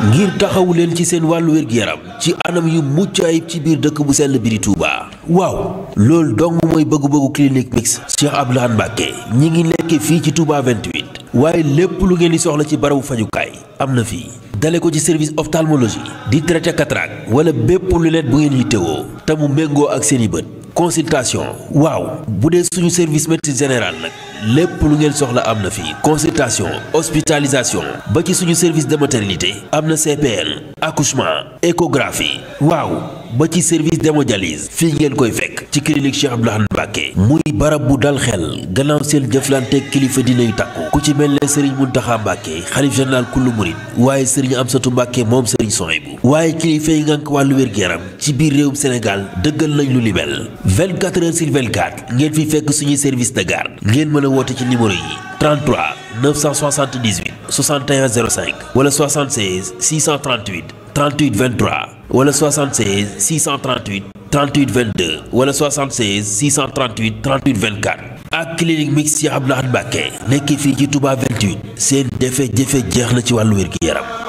ngir taxawu leen ci seen wàllu wér yaram ci anam yu mucc ayib ci biir dëkk bu sell bi di Touba waaw loolu dong mooy bëgg-bëggu clinique mix Cheikh Abdou Lahad Mbacké ñi ngi nekk fii ci Touba 28 waaye lépp lu ngeen di soxla ci barabu fajukaay am na fii dale ko ci service ophtalmologie di traité cataracte wala bépp lunette bu ngeen yittewoo te mu méngoo ak seen i bët consultation waaw bu dee suñu service médecine générale nag lépp lu ngeen soxla am na fi consultation hospitalisation ba ci suñu service de maternité am na CPN accouchement échographie waaw ba ci service d'hémodialyse fii ngeen koy fekk ci clinique Cheikh Abdoulaye Mbàkke muy barab bu dal xel gannaaw seen jëflante kilifa dinay takku ku ci mel ne Serigne Mountakha Mbàkke xalif général kullu murid waaye Serigne Amsatou Mbàkke moom Serigne son waaye kilifa yi ngànk wàllu wér-gu-yaram ci biir réewum Sénégal dëggal nañ lu libel 24 heures sur 24 ngeen fi fekk suñuy service de garde ngeen mën a woote ci numéro yi 33 978 61 05 wala 76 638 38 23 wala 76 638 38 22 wala 76 638 38 24. ak clinique mixte Cheikh Abdou Lahad Mbacké nekk fii ci Touba 28 seen jafe-jafe jeex na ci wàllu wér-gi-yaram.